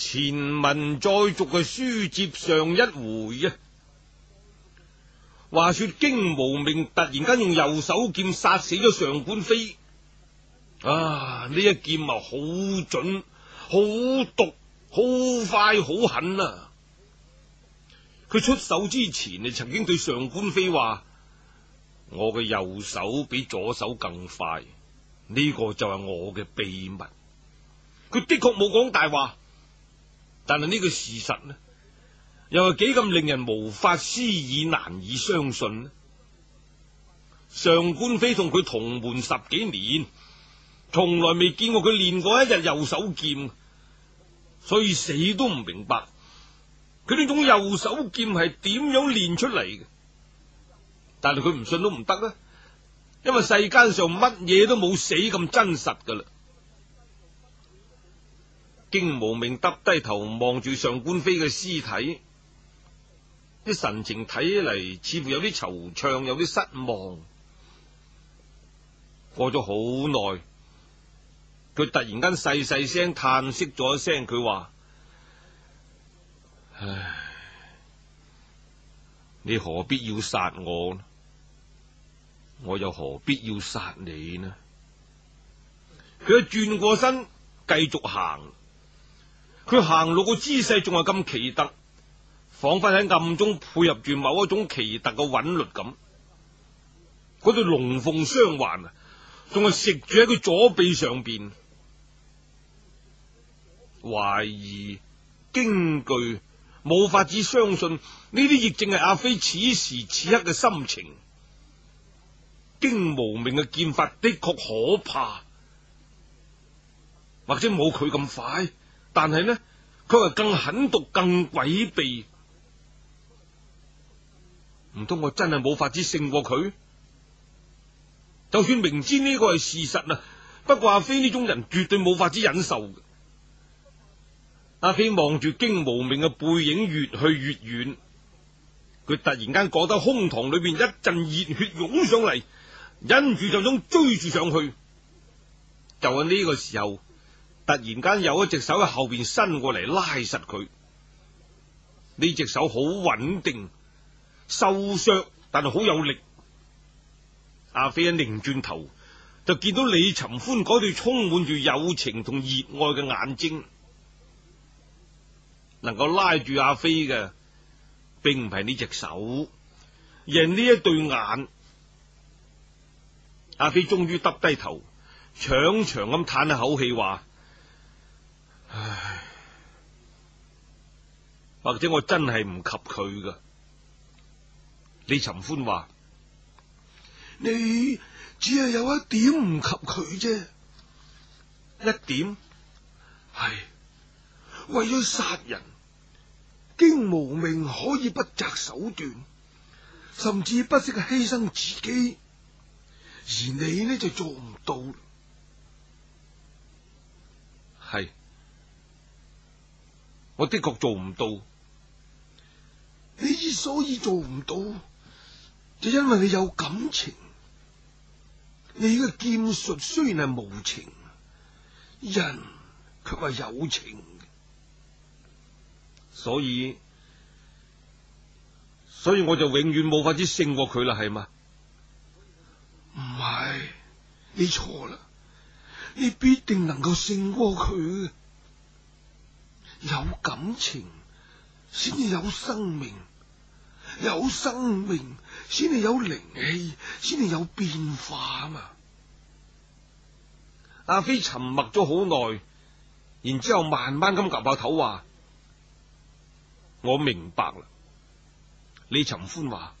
前文再續嘅書接上一回啊，話說荊無命突然間用右手劍殺死咗上官飛啊，呢一劍啊好準、好毒、好快、好狠啊！佢出手之前啊，曾經對上官飛話：我嘅右手比左手更快，呢個就係我嘅秘密。佢的確冇講大話。但係呢個事實呢，又係幾咁令人無法思議、難以相信呢？上官飛同佢同門十幾年，從來未見過佢練過一日右手劍，所以死都唔明白佢呢種右手劍係點樣練出嚟嘅。但係佢唔信都唔得啦，因為世間上乜嘢都冇死咁真實噶啦。荊無命耷低頭望住上官飛嘅屍體，啲神情睇起嚟似乎有啲惆悵，有啲失望。過咗好耐，佢突然間細細聲嘆息咗一聲，佢話：唉，你何必要殺我呢？我又何必要殺你呢？佢一轉過身，繼續行。佢行路個姿勢仲係咁奇特，仿佛喺暗中配合住某一種奇特嘅韻律咁。嗰對龍鳳雙環啊，仲係食住喺佢左臂上邊。懷疑、驚懼，冇法子相信呢啲亦正係阿飛此時此刻嘅心情。荊無命嘅劍法的確可怕，或者冇佢咁快。但係呢，佢係更狠毒、更詭秘。唔通我真係冇法子勝過佢？就算明知呢個係事實啊，不過阿飛呢種人絕對冇法子忍受嘅。阿飛望住荊無命嘅背影越去越遠，佢突然間覺得胸膛裏邊一陣熱血湧上嚟，忍住就想追住上去。就喺呢個時候。突然間有一隻手喺後邊伸過嚟拉實佢，呢隻手好穩定，瘦削但係好有力。阿飛一擰轉頭就見到李尋歡嗰對充滿住友情同熱愛嘅眼睛，能夠拉住阿飛嘅並唔係呢隻手，而係呢一對眼。阿飛終於耷低頭，長長咁嘆一口氣話。或者我真係唔及佢噶，李尋歡話：你只係有一點唔及佢啫，一點係唉為咗殺人，經無名可以不擇手段，甚至不惜犧牲自己，而你呢就做唔到，係我的確做唔到。所以做唔到，就因為你有感情。你嘅劍術雖然係無情，人卻係有情嘅，所以，所以我就永遠冇法子勝過佢啦，係嘛？唔係，你錯啦！你必定能夠勝過佢。有感情，先至有生命。有生命先至有靈氣，先至有變化啊嘛。阿飛沉默咗好耐，然之後慢慢咁岌下頭話：我明白啦。李尋歡話：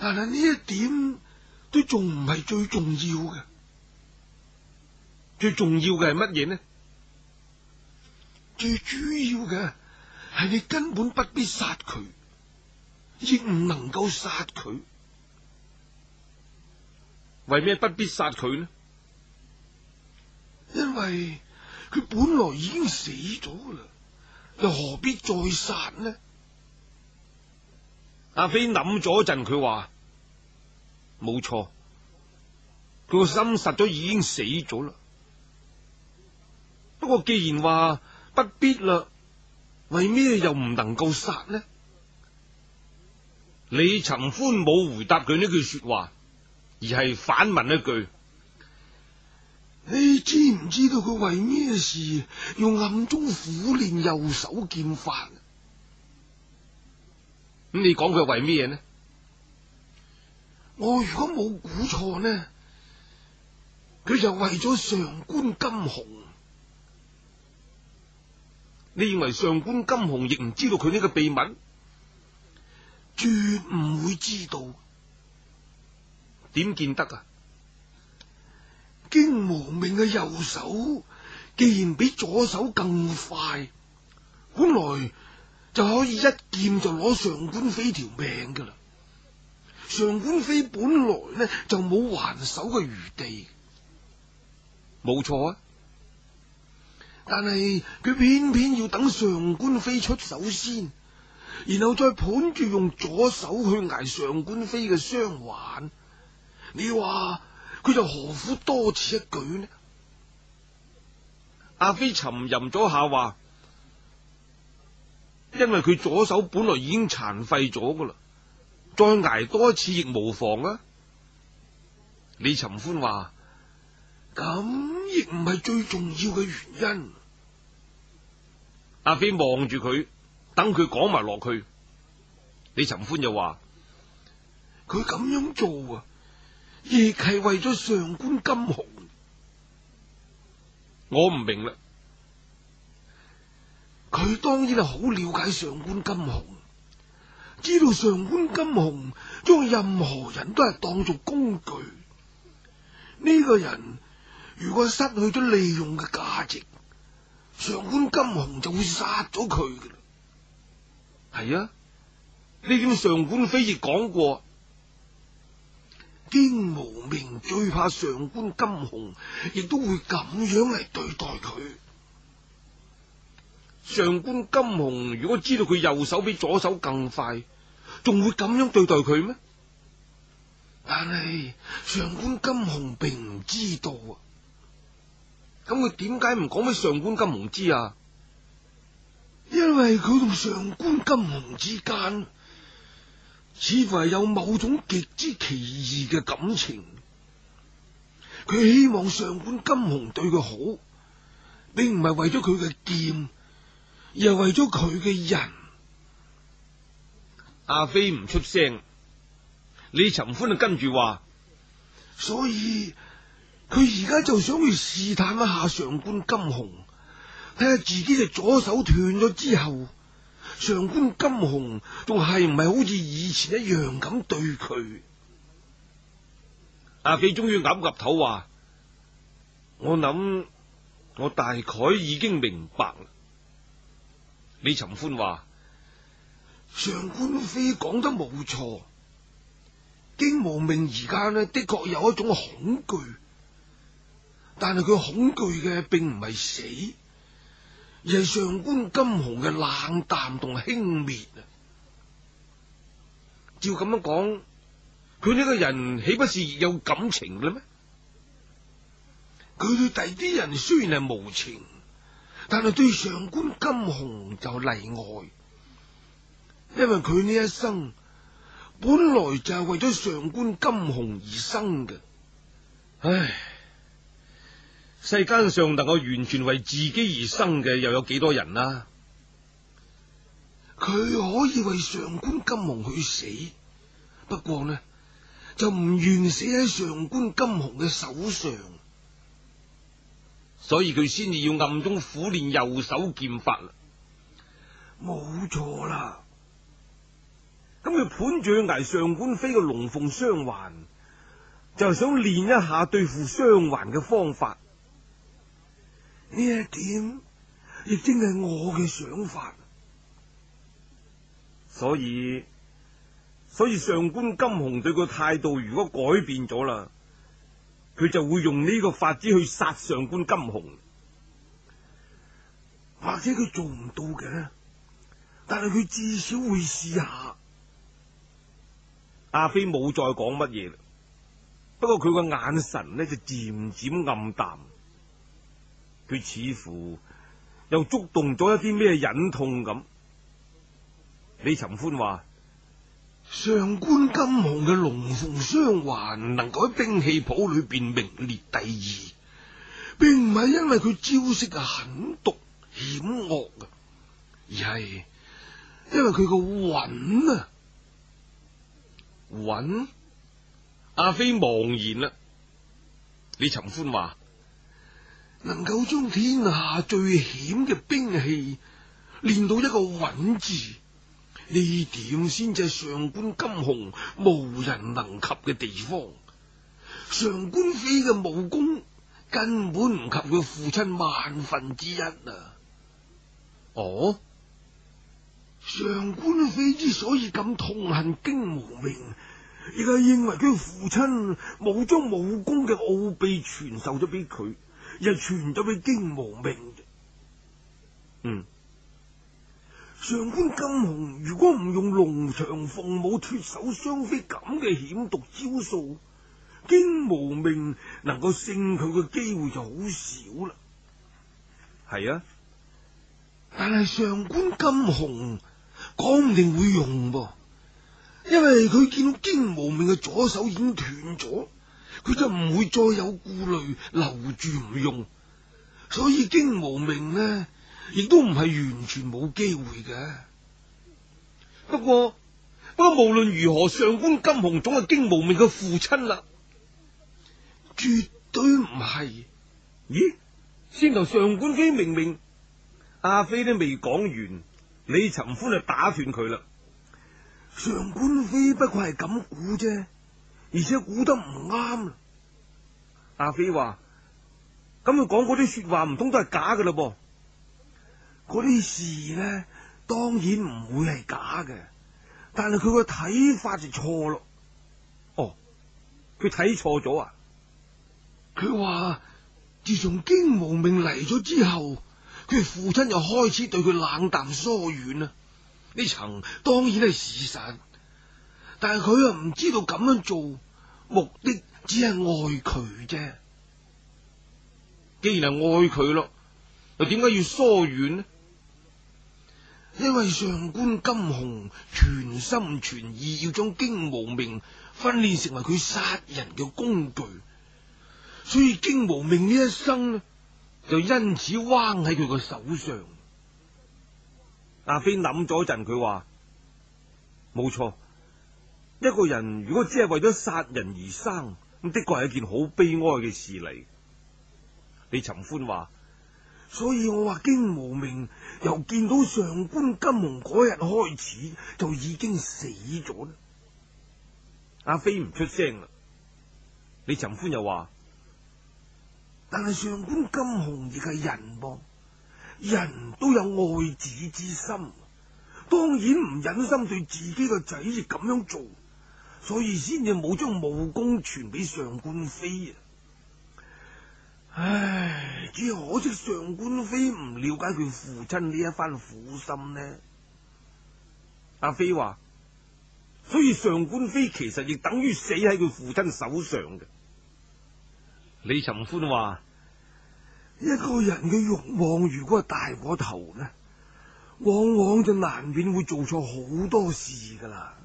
但係呢一點都仲唔係最重要嘅，最重要嘅係乜嘢呢？最主要嘅係你根本不必殺佢。亦唔能夠殺佢，為咩不必殺佢呢？因為佢本來已經死咗啦，又何必再殺呢？阿飛諗咗一陣，佢話：冇錯，佢個心實咗已經死咗啦。不過既然話不必啦，為咩又唔能夠殺呢？李尋歡冇回答佢呢句說話，而係反問一句：你知唔知道佢為咩事用暗中苦練右手劍法？咁、嗯、你講佢為咩呢？我如果冇估錯呢，佢就為咗上官金虹。你認為上官金虹亦唔知道佢呢個秘密？絕唔會知道，點見得啊！荊無命嘅右手，既然比左手更快，本來就可以一劍就攞上官飛條命噶啦。上官飛本來呢就冇還手嘅餘地，冇錯啊。但係佢偏偏要等上官飛出手先。然後再盤住用左手去挨上官飛嘅雙環，你話佢就何苦多此一舉呢？阿飛沉吟咗下，話：因為佢左手本來已經殘廢咗噶啦，再挨多一次亦無妨啊！李尋歡話：咁亦唔係最重要嘅原因。阿飛望住佢。等佢講埋落去，李尋歡就話：佢咁樣做啊，亦係為咗上官金鴻。我唔明啦，佢當然係好了解上官金鴻，知道上官金鴻將任何人都係當做工具。呢個人如果失去咗利用嘅價值，上官金鴻就會殺咗佢嘅啦。係啊！呢點上官飛亦講過，荊無命最怕上官金虹，亦都會咁樣嚟對待佢。上官金虹如果知道佢右手比左手更快，仲會咁樣對待佢咩？但係上官金虹並唔知道啊！咁佢點解唔講俾上官金虹知啊？因為佢同上官金虹之間似乎係有某種極之奇異嘅感情，佢希望上官金虹對佢好，並唔係為咗佢嘅劍，而係為咗佢嘅人。阿飛唔出聲，李尋歡就跟住話，所以佢而家就想去試探一下上官金虹。睇下自己嘅左手斷咗之後，上官金鴻仲係唔係好似以前一樣咁對佢？阿飛、啊 啊、終於岌岌頭話：，我諗我大概已經明白喇。李尋歡話：，上官飛講得冇錯，荊無命而家呢，的確有一種恐懼，但係佢恐懼嘅並唔係死。而係上官金鴻嘅冷淡同輕蔑啊！照咁樣講，佢呢個人豈不是有感情嘞？咩？佢對第啲人雖然係無情，但係對上官金鴻就例外，因為佢呢一生本來就係為咗上官金鴻而生嘅，唉。世間上能夠完全為自己而生嘅，又有幾多人啊？佢可以為上官金鴻去死，不過呢就唔願死喺上官金鴻嘅手上，所以佢先至要暗中苦練右手劍法啦。冇錯啦，咁佢盤住挨上官飛嘅龍鳳雙環，就係想練一下對付雙環嘅方法。呢一點亦正係我嘅想法，所以所以上官金虹對佢態度如果改變咗啦，佢就會用呢個法子去殺上官金虹，或者佢做唔到嘅，但係佢至少會試下。阿飛冇再講乜嘢啦，不過佢個眼神呢就漸漸暗淡。佢似乎又觸動咗一啲咩隱痛咁。李尋歡話：上官金鴻嘅龍鳳雙環能夠喺兵器譜裏邊名列第二，並唔係因為佢招式啊狠毒險惡啊，而係因為佢個穩啊穩。阿飛茫然啦。李尋歡話。能夠將天下最險嘅兵器練到一個穩字，呢點先至係上官金虹無人能及嘅地方。上官飛嘅武功根本唔及佢父親萬分之一啊！哦，上官飛之所以咁痛恨荊無命，而家認為佢父親冇將武功嘅奧秘傳授咗俾佢。又傳咗俾荊無命嘅，嗯，上官金鴻如果唔用龍翔鳳舞脱手雙飛咁嘅險毒招數，荊無命能夠勝佢嘅機會就好少啦。係啊，但係上官金鴻講唔定會用噃，因為佢見荊無命嘅左手已經斷咗。佢就唔會再有顧慮留住唔用，所以荊無命呢，亦都唔係完全冇機會嘅。不過，不過無論如何，上官金虹總係荊無命嘅父親啦，絕對唔係。咦？先頭上官飛明明，阿飛都未講完，李尋歡就打斷佢啦。上官飛不過係咁估啫。而且估得唔啱，阿飛話：咁佢講啲說話唔通都係假噶啦噃？啲事呢，當然唔會係假嘅，但係佢個睇法就錯咯。哦，佢睇錯咗啊！佢話自從荊無命嚟咗之後，佢父親就開始對佢冷淡疏遠啊！呢層當然係事實。但係佢又唔知道咁樣做目的只係愛佢啫。既然係愛佢咯，又點解要疏遠呢？因為上官金虹全心全意要將荊無命訓練成為佢殺人嘅工具，所以荊無命呢一生呢就因此彎喺佢個手上。阿飛諗咗一陣，佢話：冇錯。一個人如果只係為咗殺人而生，咁的確係一件好悲哀嘅事嚟。李尋歡話：所以我話荊無命由見到上官金虹嗰日開始就已經死咗啦。阿飛唔出聲啦。李尋歡又話：但係上官金虹亦係人噃，人都有愛子之心，當然唔忍心對自己個仔咁樣做。所以先至冇將武功傳俾上官飛啊！唉，只可惜上官飛唔了解佢父親呢一番苦心呢。阿飛話：所以上官飛其實亦等於死喺佢父親手上嘅。李尋歡話：一個人嘅欲望如果係大過頭呢，往往就難免會做錯好多事噶啦。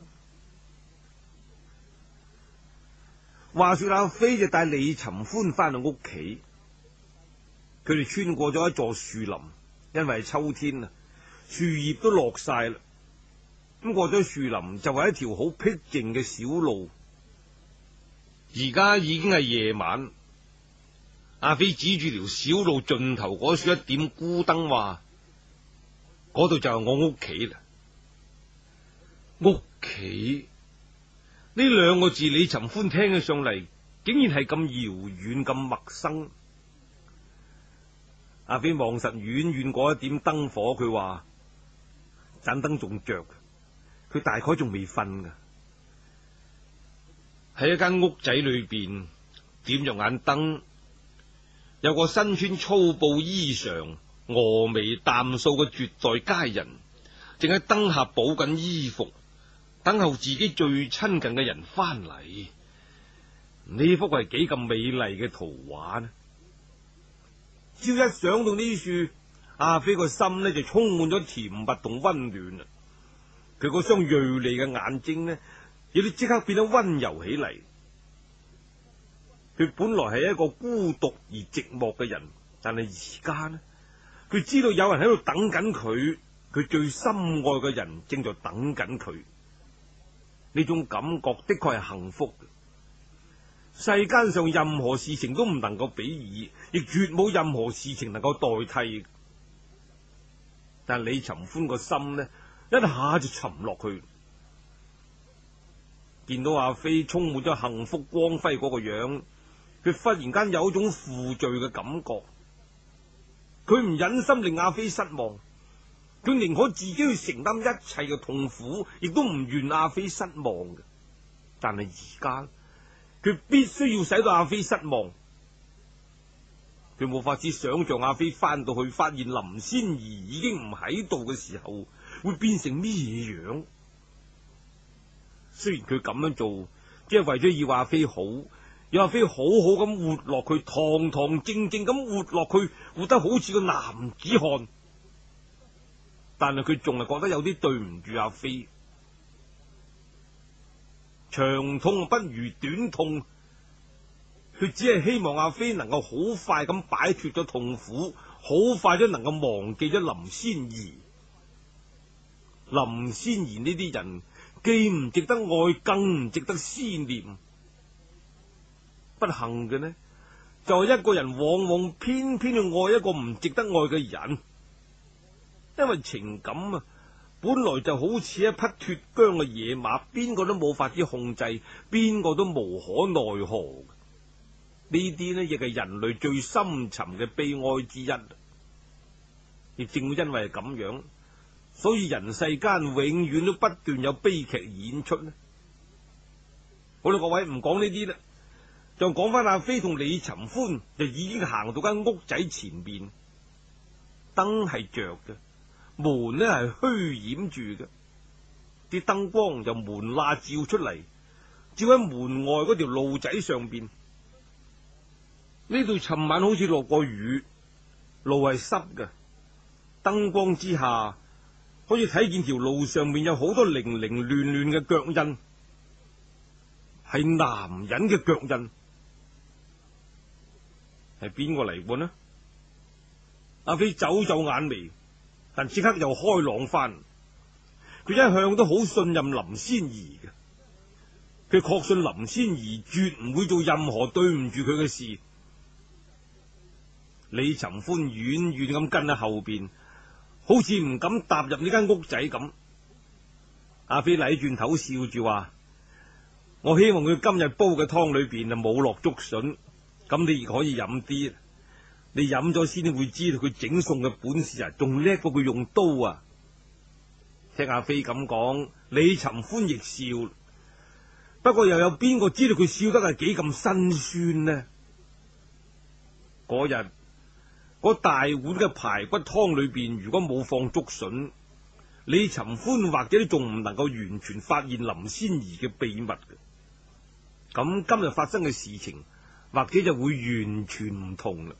話說阿飛就帶李尋歡翻到屋企，佢哋穿過咗一座樹林，因為秋天啊，樹葉都落晒啦。咁過咗樹林就係一條好僻靜嘅小路，而家已經係夜晚。阿飛指住條小路盡頭嗰處一點孤燈，話嗰度就係我屋企啦，屋企呢兩個字，李尋歡聽咗上嚟，竟然係咁遙遠、咁陌生。阿飛望實遠遠嗰一點燈火，佢話，盞燈仲着，佢大概仲未瞓噶。喺一間屋仔裏邊，點著眼燈，有個身穿粗布衣裳、峨眉淡掃嘅絕代佳人，正喺燈下補緊衣服。等候自己最親近嘅人翻嚟，呢幅係幾咁美麗嘅圖畫呢？只要一想到呢樹，阿飛個心呢就充滿咗甜蜜同溫暖啦。佢嗰雙銳利嘅眼睛呢，亦都即刻變得溫柔起嚟。佢本來係一個孤獨而寂寞嘅人，但係而家呢，佢知道有人喺度等緊佢，佢最深愛嘅人正在等緊佢。呢種感覺的確係幸福，世間上任何事情都唔能夠比擬，亦絕冇任何事情能夠代替。但李尋歡個心呢，一,一下就沉落去。見到阿飛充滿咗幸福光輝嗰個樣，佢忽然間有一種負罪嘅感覺，佢唔忍心令阿飛失望。佢寧可自己去承擔一切嘅痛苦，亦都唔願阿飛失望嘅。但係而家，佢必須要使到阿飛失望。佢冇法子想象阿飛翻到去發現林仙兒已經唔喺度嘅時候，會變成咩樣？雖然佢咁樣做，即係為咗要阿飛好，要阿飛好好咁活落去，堂堂正正咁活落去，活得好似個男子漢。但係佢仲係覺得有啲對唔住阿飛，長痛不如短痛，佢只係希望阿飛能夠好快咁擺脫咗痛苦，好快都能夠忘記咗林仙兒。林仙兒呢啲人既唔值得愛，更唔值得思念。不幸嘅呢，就係一個人往往偏偏去愛一個唔值得愛嘅人。因為情感啊，本來就好似一匹脫韁嘅野馬，邊個都冇法子控制，邊個都無可奈何。呢啲咧亦係人類最深沉嘅悲哀之一。亦正因為係咁樣，所以人世間永遠都不斷有悲劇演出啦。好啦，各位唔講呢啲啦，就講翻阿飛同李尋歡就已經行到間屋仔前面燈係着嘅。門呢係虛掩住嘅，啲燈光由門罅照出嚟，照喺門外嗰條路仔上邊。呢度尋晚好似落過雨，路係濕嘅。燈光之下，可以睇見條路上面有好多零零亂亂嘅腳印，係男人嘅腳印，係邊個嚟過呢？阿飛皺皺眼眉。但即刻又開朗翻，佢一向都好信任林仙兒嘅，佢確信林仙兒絕唔會做任何對唔住佢嘅事。李尋歡遠遠咁跟喺後邊，好似唔敢踏入呢間屋仔咁。阿飛禮轉頭笑住話：我希望佢今日煲嘅湯裏邊就冇落竹笋，咁你亦可以飲啲。你飲咗先會知道佢整餸嘅本事啊！仲叻過佢用刀啊！聽阿飛咁講，李尋歡亦笑，不過又有邊個知道佢笑得係幾咁辛酸呢？嗰日，嗰大碗嘅排骨湯裏邊，如果冇放竹筍，李尋歡或者仲唔能夠完全發現林仙兒嘅秘密嘅。咁今日發生嘅事情，或者就會完全唔同啦。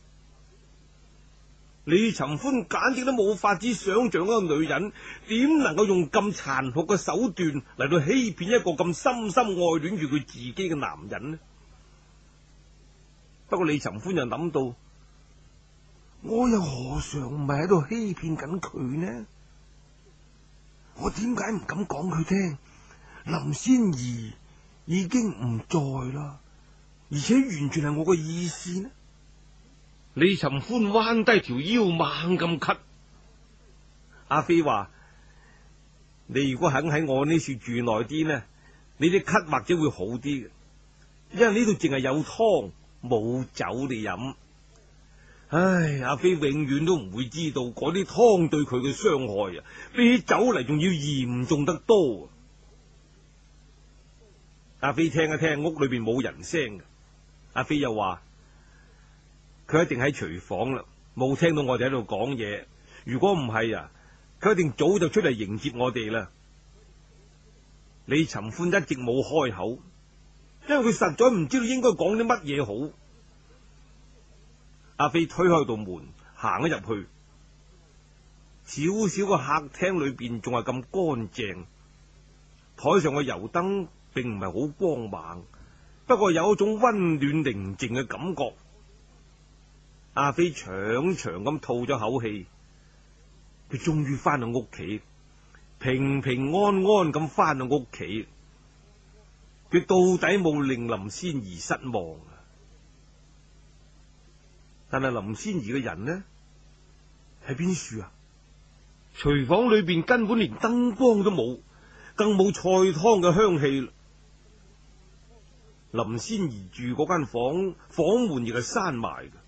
李尋歡簡直都冇法子想象個女人點能夠用咁殘酷嘅手段嚟到欺騙一個咁深深愛戀住佢自己嘅男人呢？不過李尋歡又諗到，我又何嘗唔係喺度欺騙緊佢呢？我點解唔敢講佢聽？林仙兒已經唔在啦，而且完全係我嘅意思呢？李尋歡彎低條腰猛咁咳,咳，阿飛話：你如果肯喺我呢處住耐啲呢，你啲咳或者會好啲嘅，因為呢度淨係有湯冇酒你飲。唉，阿飛永遠都唔會知道嗰啲湯對佢嘅傷害啊，比起酒嚟仲要嚴重得多。阿飛聽一聽屋裏邊冇人聲嘅，阿飛又話。佢一定喺廚房啦，冇聽到我哋喺度講嘢。如果唔係啊，佢一定早就出嚟迎接我哋啦。李尋歡一直冇開口，因為佢實在唔知道應該講啲乜嘢好。阿飛推開道門，行咗入去，小小個客廳裏邊仲係咁乾淨，台上嘅油燈並唔係好光猛，不過有一種溫暖寧靜嘅感覺。阿飛長長咁吐咗口氣，佢終於翻到屋企，平平安安咁翻到屋企。佢到底冇令林仙兒失望啊！但係林仙兒嘅人呢？喺邊樹啊？廚房裏邊根本連燈光都冇，更冇菜湯嘅香氣。林仙兒住嗰間房，房門亦係閂埋嘅。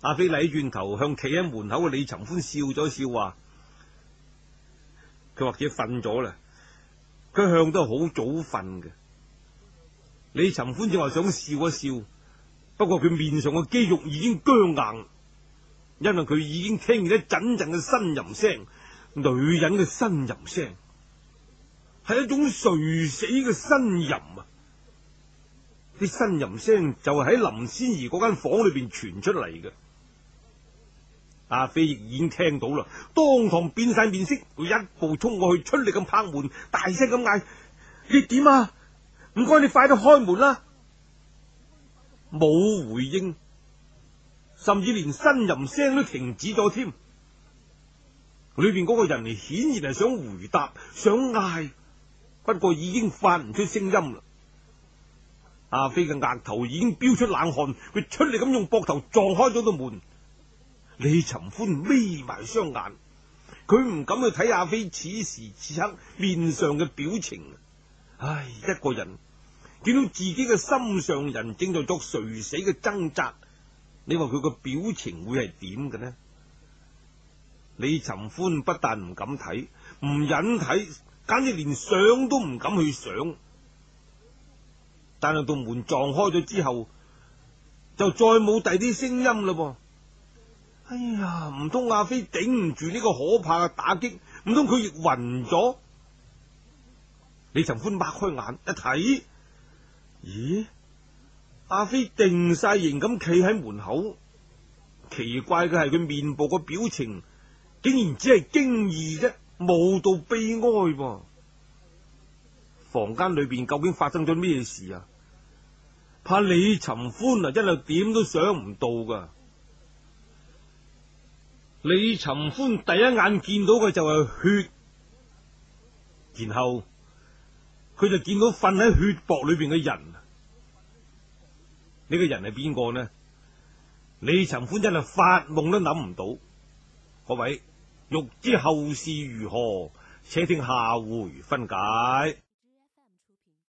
阿飛禮轉頭向企喺門口嘅李尋歡笑咗笑，話：佢或者瞓咗啦，佢向都好早瞓嘅。李尋歡正話想笑一笑，不過佢面上嘅肌肉已經僵硬，因為佢已經聽見一陣陣嘅呻吟聲，女人嘅呻吟聲係一種垂死嘅呻吟啊！啲呻吟聲就係喺林仙兒嗰間房裏邊傳出嚟嘅。阿飛亦已經聽到啦，當堂變晒面色，佢一步衝過去，出力咁拍門，大聲咁嗌：你點啊？唔該，你快啲開門啦，啊！冇回應，甚至連呻吟聲都停止咗，添。裏邊嗰個人顯然係想回答，想嗌，不過已經發唔出聲音啦。阿飛嘅額頭已經飆出冷汗，佢出力咁用膊頭撞開咗個門。李尋歡眯埋雙眼，佢唔敢去睇阿飛此時此刻面上嘅表情。唉，一個人見到自己嘅心上人正在作垂死嘅掙扎，你話佢個表情會係點嘅呢？李尋歡不但唔敢睇，唔忍睇，簡直連想都唔敢去想。但係到門撞開咗之後，就再冇第啲聲音啦噃。哎呀，唔通阿飛頂唔住呢個可怕嘅打擊，唔通佢亦暈咗？李尋歡擘開眼一睇，咦？阿飛定晒形咁企喺門口，奇怪嘅係佢面部個表情，竟然只係驚異啫，冇到悲哀噃。房間裏邊究竟發生咗咩事啊？怕李尋歡、啊、真係點都想唔到噶。李尋歡第一眼見到嘅就係血，然後佢就見到瞓喺血泊裏邊嘅人。呢、呢個人係邊個呢？李尋歡真係發夢都諗唔到。各位欲知後事如何，且聽下回分解。